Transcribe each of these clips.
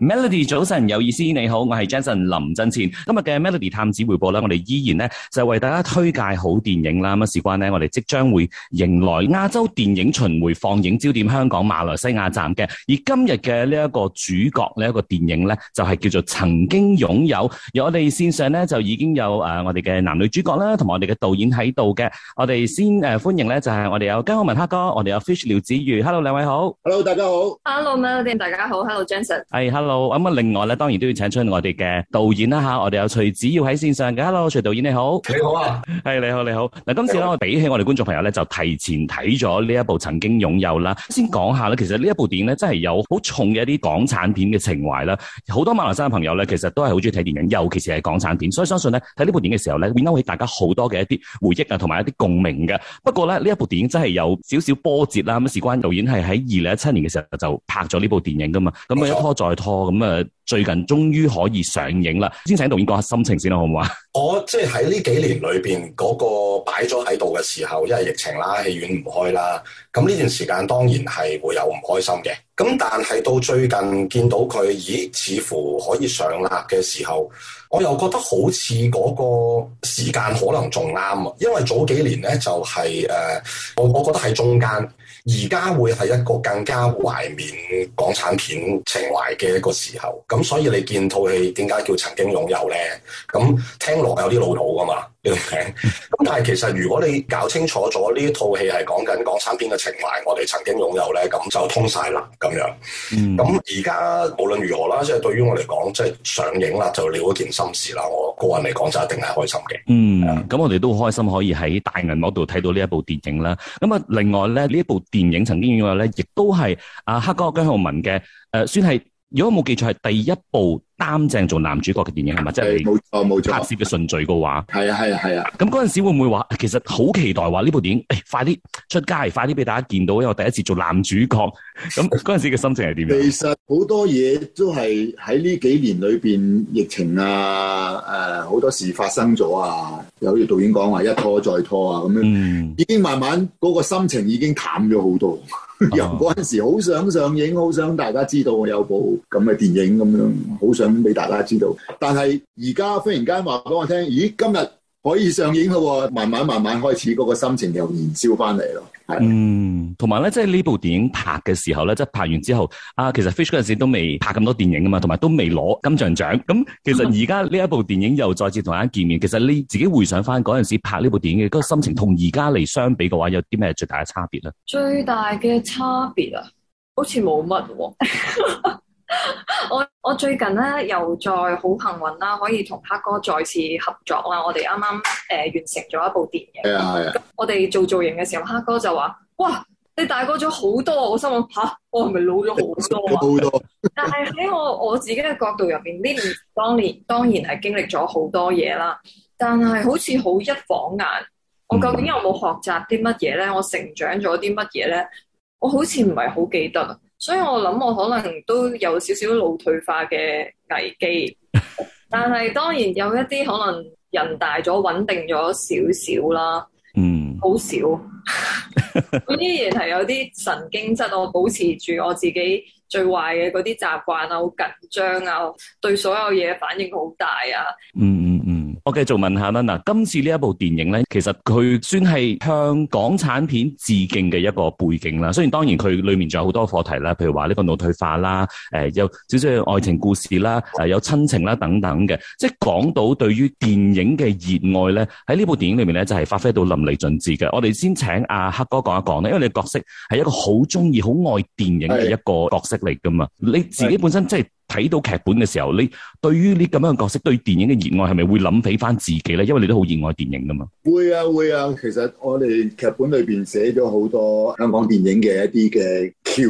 Melody 早晨，有意思你好，我係 Jensen 林振前。今日嘅 Melody 探子回報咧，我哋依然呢就為大家推介好電影啦。咁事關呢，我哋即將會迎來亞洲電影巡回放映焦點香港馬來西亞站嘅。而今日嘅呢一個主角呢一個電影呢，就係叫做曾經擁有。而我哋線上呢，就已經有誒我哋嘅男女主角啦，同埋我哋嘅導演喺度嘅。我哋先誒歡迎呢，就係我哋有姜皓文黑哥，我哋有 Fish 廖子妤。Hello 兩位好，Hello 大家好，Hello Melody 大家好，Hello Jason，係 Hello。咁啊，另外咧，當然都要請出我哋嘅導演啦嚇，我哋有徐子耀喺線上嘅，Hello 徐導演你好，你好啊，你好啊，係你好你好。嗱，今次咧我比起我哋觀眾朋友咧，就提前睇咗呢一部曾經擁有啦。先講下咧，其實呢一部電影咧，真係有好重嘅一啲港產片嘅情懷啦。好多馬來西亞朋友咧，其實都係好中意睇電影，尤其是係港產片，所以相信咧睇呢部電影嘅時候咧，會勾起大家好多嘅一啲回憶啊，同埋一啲共鳴嘅。不過咧，呢一部電影真係有少少波折啦。咁事關導演係喺二零一七年嘅時候就拍咗呢部電影噶嘛，咁啊一拖再拖。咁啊、哦，最近終於可以上映啦！先請導演講下心情先啦，好唔好啊？我即係喺呢幾年裏邊嗰個擺咗喺度嘅時候，因為疫情啦，戲院唔開啦，咁呢段時間當然係會有唔開心嘅。咁但係到最近見到佢，咦？似乎可以上蠟嘅時候，我又覺得好似嗰個時間可能仲啱啊！因為早幾年呢，就係、是、誒，我、呃、我覺得喺中間，而家會係一個更加懷緬港產片情懷嘅一個時候。咁所以你見套戲點解叫曾經擁有呢？咁聽落有啲老土㗎嘛～咁 但係其實如果你搞清楚咗呢一套戲係講緊港產片嘅情懷，我哋曾經擁有咧，咁就通晒啦，咁樣。咁而家無論如何啦，即係對於我嚟講，即係上映啦，就了咗件心事啦。我個人嚟講就一定係開心嘅。嗯，咁、嗯、我哋都好開心可以喺大銀幕度睇到呢一部電影啦。咁啊，另外咧，呢一部電影曾經擁有咧，亦都係阿黑哥姜浩文嘅，誒、呃，算係。如果冇記錯，係第一部擔正做男主角嘅電影係咪？真係冇錯冇錯。即係拍攝嘅順序嘅話，係啊係啊係啊。咁嗰陣時會唔會話，其實好期待話呢部電影，誒、哎，快啲出街，快啲俾大家見到，因為我第一次做男主角。咁嗰陣時嘅心情係點樣？其實好多嘢都係喺呢幾年裏邊，疫情啊，誒、呃，好多事發生咗啊。有啲導演講話一拖再拖啊，咁樣，嗯、已經慢慢嗰、那個心情已經淡咗好多。 由嗰陣時好想上映，好想大家知道我有部咁嘅電影咁樣，好想俾大家知道。但係而家忽然間話俾我聽，咦今日可以上映嘞喎！慢慢慢慢開始嗰個心情又燃燒翻嚟咯。嗯，同埋咧，即係呢部電影拍嘅時候咧，即係拍完之後啊，其實 Fish 嗰陣時都未拍咁多電影噶嘛，同埋、嗯、都未攞金像獎。咁其實而家呢一部電影又再次同大家見面，其實你自己回想翻嗰陣時拍呢部電影嘅嗰個心情，同而家嚟相比嘅話，有啲咩最大嘅差別咧？最大嘅差別啊，好似冇乜喎。 我我最近咧又再好幸運啦，可以同黑哥再次合作啦。我哋啱啱誒完成咗一部電影。係啊係。我哋做造型嘅時候，黑哥就話：哇，你大個咗好多！我心諗吓，啊，我係咪老咗好多啊？好多。多 但係喺我我自己嘅角度入邊，呢年當年當然係經歷咗好多嘢啦。但係好似好一晃眼，我究竟有冇學習啲乜嘢咧？我成長咗啲乜嘢咧？我好似唔係好記得。所以我諗我可能都有少少腦退化嘅危機，但係當然有一啲可能人大咗穩定咗少少啦，嗯，好少。呢啲嘢係有啲神經質，我保持住我自己最壞嘅嗰啲習慣啊，好緊張啊，對所有嘢反應好大啊，嗯，嗯嗯嗯。我繼續問下啦，嗱，今次呢一部電影呢，其實佢算係向港產片致敬嘅一個背景啦。雖然當然佢裏面仲有好多課題啦，譬如話呢個腦退化啦，誒、呃、有少少愛情故事啦，誒、呃、有親情啦等等嘅，即係講到對於電影嘅熱愛呢，喺呢部電影裏面呢，就係、是、發揮到淋漓盡致嘅。我哋先請阿黑哥講一講咧，因為你角色係一個好中意、好愛電影嘅一個角色嚟㗎嘛，你自己本身即、就、係、是。睇到劇本嘅時候，你對於呢咁樣嘅角色對電影嘅熱愛係咪會諗起返自己咧？因為你都好熱愛電影㗎嘛，會啊，會啊。其實我哋劇本裏邊寫咗好多香港電影嘅一啲嘅橋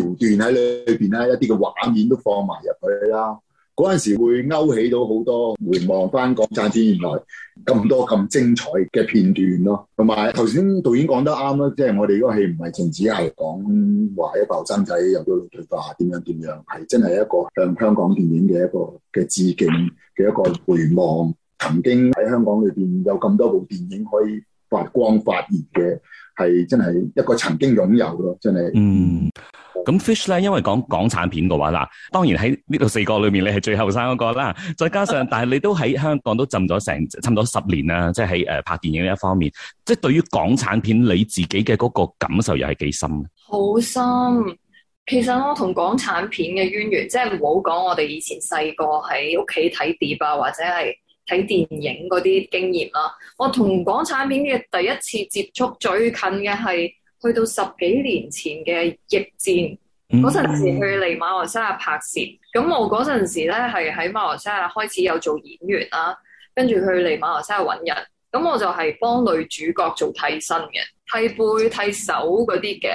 段喺裏邊啦，一啲嘅畫面都放埋入去啦。嗰陣時會勾起到好多回望翻港產片，原來咁多咁精彩嘅片段咯，同埋頭先導演講得啱啦，即係我哋嗰戲唔係淨只係講話一班後生仔有咗綠巨化點樣點樣，係真係一個向香港電影嘅一個嘅致敬嘅一個回望，曾經喺香港裏邊有咁多部電影可以發光發熱嘅。係真係一個曾經擁有咯，真係。嗯，咁 fish 咧，因為講港產片嘅話，嗱，當然喺呢度四個裏面，你係最後生嗰個啦。再加上， 但係你都喺香港都浸咗成差唔多十年啦，即係喺誒拍電影呢一方面，即係對於港產片你自己嘅嗰個感受又係幾深？好深。其實我同港產片嘅淵源，即係唔好講我哋以前細個喺屋企睇碟啊，或者係。睇電影嗰啲經驗啦，我同港產片嘅第一次接觸，最近嘅係去到十幾年前嘅逆戰嗰陣、mm hmm。時去嚟馬來西亞拍攝，咁我嗰陣時咧係喺馬來西亞開始有做演員啦，跟住去嚟馬來西亞揾人，咁我就係幫女主角做替身嘅，替背替手嗰啲嘅，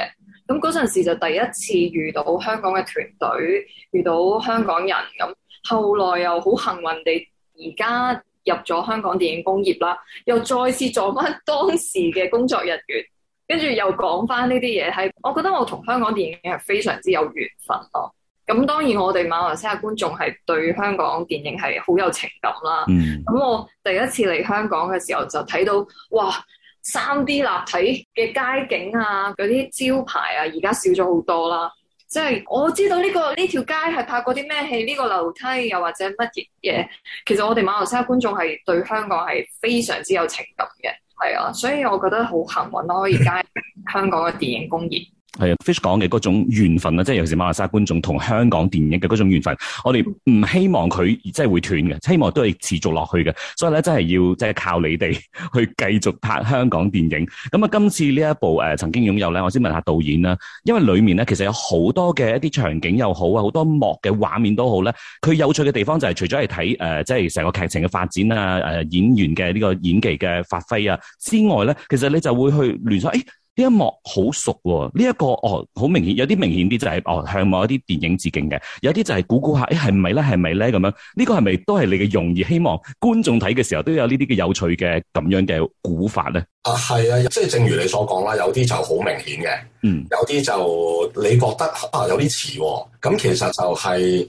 咁嗰陣時就第一次遇到香港嘅團隊，遇到香港人咁，後來又好幸運地。而家入咗香港電影工業啦，又再次做翻當時嘅工作人員，跟住又講翻呢啲嘢，係我覺得我同香港電影係非常之有緣分咯。咁當然我哋馬來西亞觀眾係對香港電影係好有情感啦。咁我第一次嚟香港嘅時候就睇到，哇，三 D 立體嘅街景啊，嗰啲招牌啊，而家少咗好多啦。即係我知道呢個呢條街係拍過啲咩戲，呢個樓梯又或者乜嘢嘢，其實我哋馬來西亞觀眾係對香港係非常之有情感嘅，係啊，所以我覺得好幸運咯，可以加入香港嘅電影工業。係啊，Fish 講嘅嗰種緣分啦，即係尤其是馬來西亞觀眾同香港電影嘅嗰種緣分，我哋唔希望佢即係會斷嘅，希望都係持續落去嘅。所以咧，真係要即係靠你哋去繼續拍香港電影。咁、嗯、啊，今次呢一部誒、呃、曾經擁有咧，我先問下導演啦，因為裏面咧其實有好多嘅一啲場景又好啊，好多幕嘅畫面都好咧，佢有趣嘅地方就係除咗係睇誒，即係成個劇情嘅發展啊，誒、呃、演員嘅呢個演技嘅發揮啊之外咧，其實你就會去聯想誒。哎呢一幕好熟喎，呢一個哦好明顯，有啲明顯啲就係哦向某一啲電影致敬嘅，有啲就係估估下，咦係咪咧？係咪咧？咁樣呢個係咪都係你嘅用意？希望觀眾睇嘅時候都有呢啲嘅有趣嘅咁樣嘅估法咧？啊，係啊，即係正如你所講啦，有啲就好明顯嘅，嗯，有啲就你覺得啊有啲遲喎，咁其實就係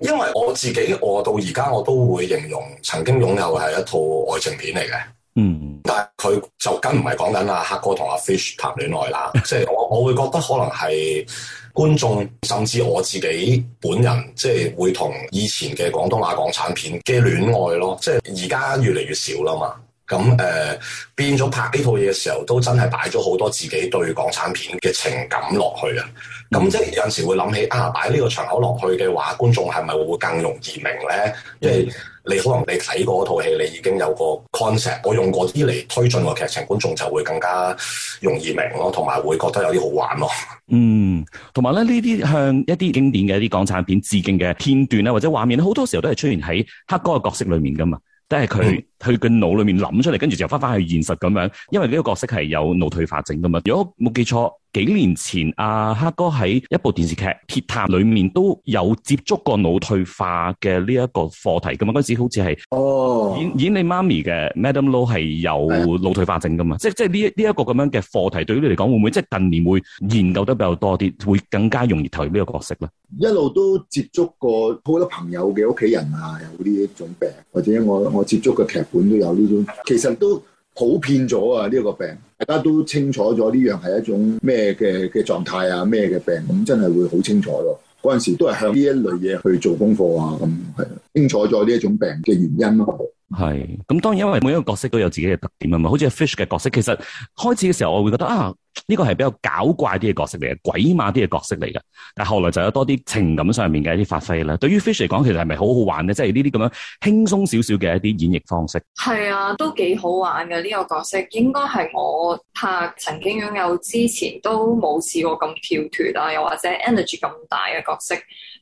因為我自己，我到而家我都會形容曾經擁有係一套愛情片嚟嘅。嗯，但係佢就梗唔係講緊阿黑哥同阿 Fish 談戀愛啦，即係 我我會覺得可能係觀眾甚至我自己本人，即、就、係、是、會同以前嘅廣東話港產片嘅戀愛咯，即係而家越嚟越少啦嘛。咁、嗯、誒、呃，變咗拍呢套嘢嘅時候，都真係擺咗好多自己對港產片嘅情感落去、嗯、啊。咁即係有陣時會諗起啊，擺呢個場口落去嘅話，觀眾係咪會更容易明咧？即係、嗯。你可能你睇過嗰套戲，你已經有個 concept。我用嗰啲嚟推進個劇情，觀眾就會更加容易明咯，同埋會覺得有啲好玩咯。嗯，同埋咧，呢啲向一啲經典嘅一啲港產片致敬嘅片段咧、啊，或者畫面好、啊、多時候都係出現喺黑哥嘅角色裏面㗎嘛，都係佢、嗯。佢嘅腦裏面諗出嚟，跟住就翻翻去現實咁樣。因為呢個角色係有腦退化症噶嘛。如果冇記錯，幾年前阿、啊、黑哥喺一部電視劇《鐵探》裏面都有接觸過腦退化嘅呢一個課題噶嘛。嗰、那、陣、個、時好似係演、哦、演，演你媽咪嘅 Madam Lo 係有腦退化症噶嘛。哎、呀即係即係呢呢一個咁、這個、樣嘅課題對，對於你嚟講會唔會即係近年會研究得比較多啲，會更加容易投入呢個角色咧？一路都接觸過好多朋友嘅屋企人啊，有呢一種病，或者我我接觸嘅劇。本都有呢種，其實都普遍咗啊！呢、這、一個病，大家都清楚咗呢樣係一種咩嘅嘅狀態啊，咩嘅病咁、嗯，真係會好清楚咯。嗰陣時都係向呢一類嘢去做功課啊，咁、嗯、係清楚咗呢一種病嘅原因咯。係，咁當然因為每一個角色都有自己嘅特點啊嘛，好似係 Fish 嘅角色，其實開始嘅時候我會覺得啊。呢個係比較搞怪啲嘅角色嚟嘅，鬼馬啲嘅角色嚟嘅。但係後來就有多啲情感上面嘅一啲發揮啦。對於 Fish 嚟講，其實係咪好好玩呢？即係呢啲咁樣輕鬆少少嘅一啲演繹方式。係啊，都幾好玩嘅，呢個角色，應該係我拍曾經擁有之前都冇試過咁跳脫啊，又或者 energy 咁大嘅角色。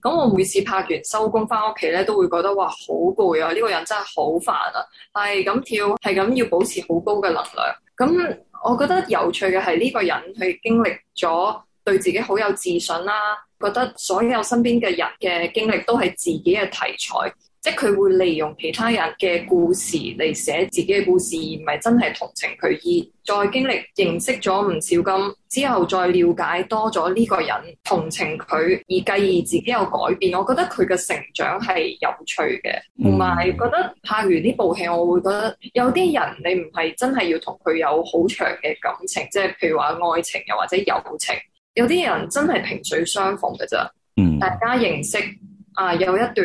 咁我每次拍完收工翻屋企咧，都會覺得哇好攰啊！呢個人真係好煩啊，係咁跳，係咁要保持好高嘅能量咁。我覺得有趣嘅係呢個人去經歷咗，對自己好有自信啦、啊，覺得所有身邊嘅人嘅經歷都係自己嘅題材。即係佢會利用其他人嘅故事嚟寫自己嘅故事，而唔係真係同情佢。而再經歷認識咗唔少咁之後，再了解多咗呢個人，同情佢而繼而自己有改變。我覺得佢嘅成長係有趣嘅，同埋、嗯、覺得拍完呢部戲，我會覺得有啲人你唔係真係要同佢有好長嘅感情，即係譬如話愛情又或者友情，有啲人真係萍水相逢㗎咋，嗯、大家認識。啊，有一段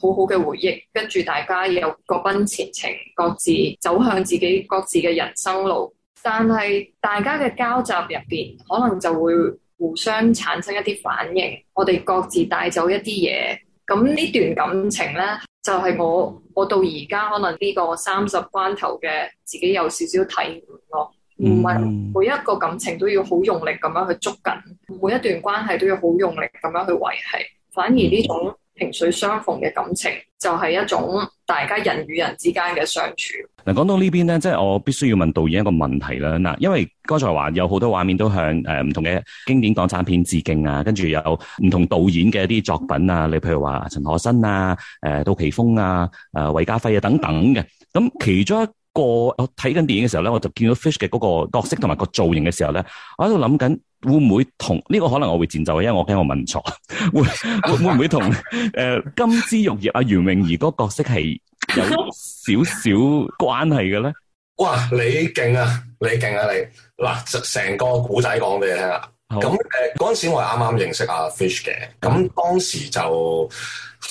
好好嘅回憶，跟住大家又各奔前程，各自走向自己各自嘅人生路。但係大家嘅交集入邊，可能就會互相產生一啲反應。我哋各自帶走一啲嘢，咁呢段感情咧，就係、是、我我到而家可能呢個三十關頭嘅自己有少少體悟咯。唔係每一個感情都要好用力咁樣去捉緊，每一段關係都要好用力咁樣去維繫。反而呢種～萍水相逢嘅感情就係、是、一種大家人與人之間嘅相處。嗱，講到邊呢邊咧，即係我必須要問導演一個問題啦。嗱，因為剛才話有好多畫面都向誒唔、呃、同嘅經典港產片致敬啊，跟住有唔同導演嘅一啲作品啊，你譬如話陳可辛啊、誒杜琪峰啊、誒、呃、韋家輝啊等等嘅。咁其中一個我睇緊電影嘅時候咧，我就見到 Fish 嘅嗰個角色同埋個造型嘅時候咧，我喺度諗緊。會唔會同呢、這個可能我會前瞻，因為我驚我問錯，會會唔會，會，會同誒、 呃、金枝玉葉阿袁詠儀嗰角色係有少少關係嘅咧？哇！你勁啊！你勁啊！你嗱成成個古仔講俾你聽啦～咁誒嗰陣時，我係啱啱認識阿、啊、Fish 嘅，咁當時就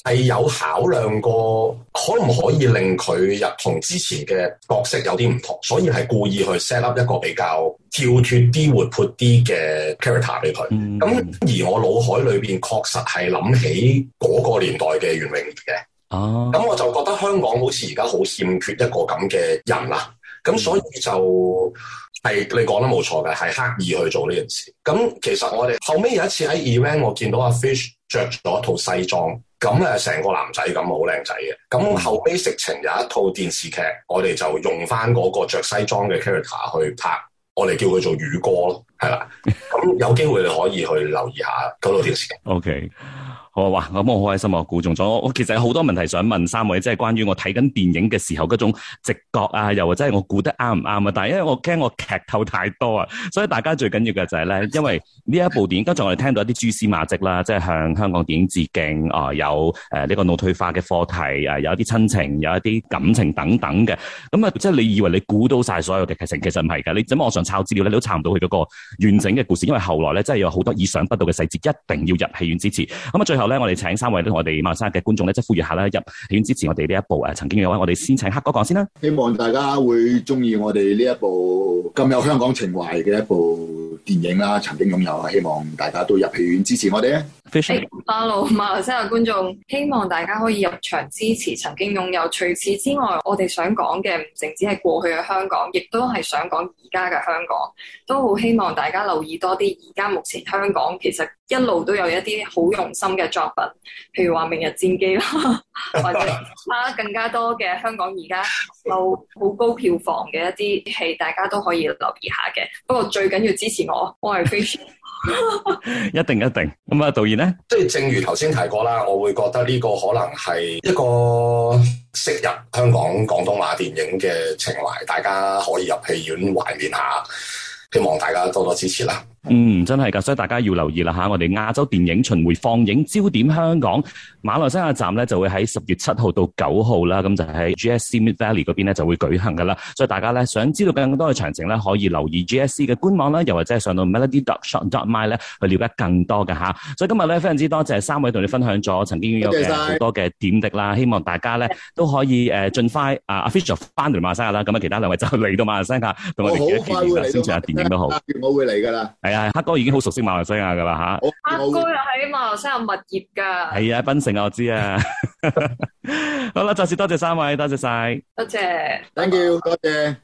係有考量過，可唔可以令佢入同之前嘅角色有啲唔同，所以係故意去 set up 一個比較跳脫啲、活潑啲嘅 character 俾佢。咁、mm hmm. 而我腦海裏邊確實係諗起嗰個年代嘅袁詠儀嘅。哦，咁我就覺得香港好似而家好欠缺一個咁嘅人啦、啊。咁所以就～係你講得冇錯嘅，係刻意去做呢件事。咁其實我哋後尾有一次喺 event，我見到阿 Fish 着咗套西裝，咁誒成個男仔咁好靚仔嘅。咁後尾《食情》有一套電視劇，我哋就用翻嗰個著西裝嘅 character 去拍，我哋叫佢做魚哥咯，係啦。咁有機會你可以去留意下嗰套電視劇。 OK。哇，我話我好開心啊！估中咗，我其實有好多問題想問三位，即係關於我睇緊電影嘅時候嗰種直覺啊，又或者係我估得啱唔啱啊？但係因為我驚我劇透太多啊，所以大家最緊要嘅就係咧，因為呢一部電影，剛才我哋聽到一啲蛛絲馬跡啦，即係向香港電影致敬啊、呃，有誒呢、呃這個腦退化嘅課題啊、呃，有一啲親情，有一啲感情等等嘅，咁、嗯、啊，即係你以為你估到晒所有嘅劇情，其實唔係噶，你喺網上抄資料咧，你都抄唔到佢嗰個完整嘅故事，因為後來咧，真係有好多意想不到嘅細節，一定要入戲院支持。咁、嗯、啊，最後。咧，我哋請三位都同我哋馬來西亞嘅觀眾咧，即呼籲下咧，入戲院支持我哋呢一部誒曾經擁有。我哋先請黑哥講先啦。希望大家會鍾意我哋呢一部咁有香港情懷嘅一部電影啦，《曾經擁有》。希望大家都入戲院支持我哋。非常。誒，hello，馬來西亞觀眾，希望大家可以入場支持《曾經擁有》。除此之外，我哋想講嘅唔淨止係過去嘅香港，亦都係想講而家嘅香港。都好希望大家留意多啲，而家目前香港其實一路都有一啲好用心嘅。作品，譬如話《明日戰機》啦， 或者啦更加多嘅香港而家有好高票房嘅一啲戲，大家都可以留意下嘅。不過最緊要支持我，我係非常一定一定。咁啊，導演咧，即係正如頭先提過啦，我會覺得呢個可能係一個昔日香港廣東話電影嘅情懷，大家可以入戲院懷念下。希望大家多多支持啦。嗯，真係噶，所以大家要留意啦吓，我哋亞洲電影巡迴放映焦點香港馬來西亞站咧，就會喺十月七號到九號啦，咁就喺 G S C Mid Valley 嗰邊咧就會舉行噶啦。所以大家咧想知道更多嘅詳情咧，可以留意 G S C 嘅官網啦，又或者係上到 melody dot shot dot my 咧去了解更多嘅吓。所以今日咧非常之多謝三位同你分享咗曾經擁有嘅好多嘅點滴啦，希望大家咧都可以誒盡快啊，official 翻嚟馬來西亞啦。咁啊，of ai, 其他兩位就嚟到馬、哦、來西亞同我哋見面啦，先睇下電影都好，我會嚟噶啦。係啊，黑哥已經好熟悉馬來西亞噶啦吓。啊、黑哥又喺馬來西亞物業噶係啊，檳城啊，我知啊。 好啦、啊，再次多謝三位，多謝晒。多謝。Thank you，多謝。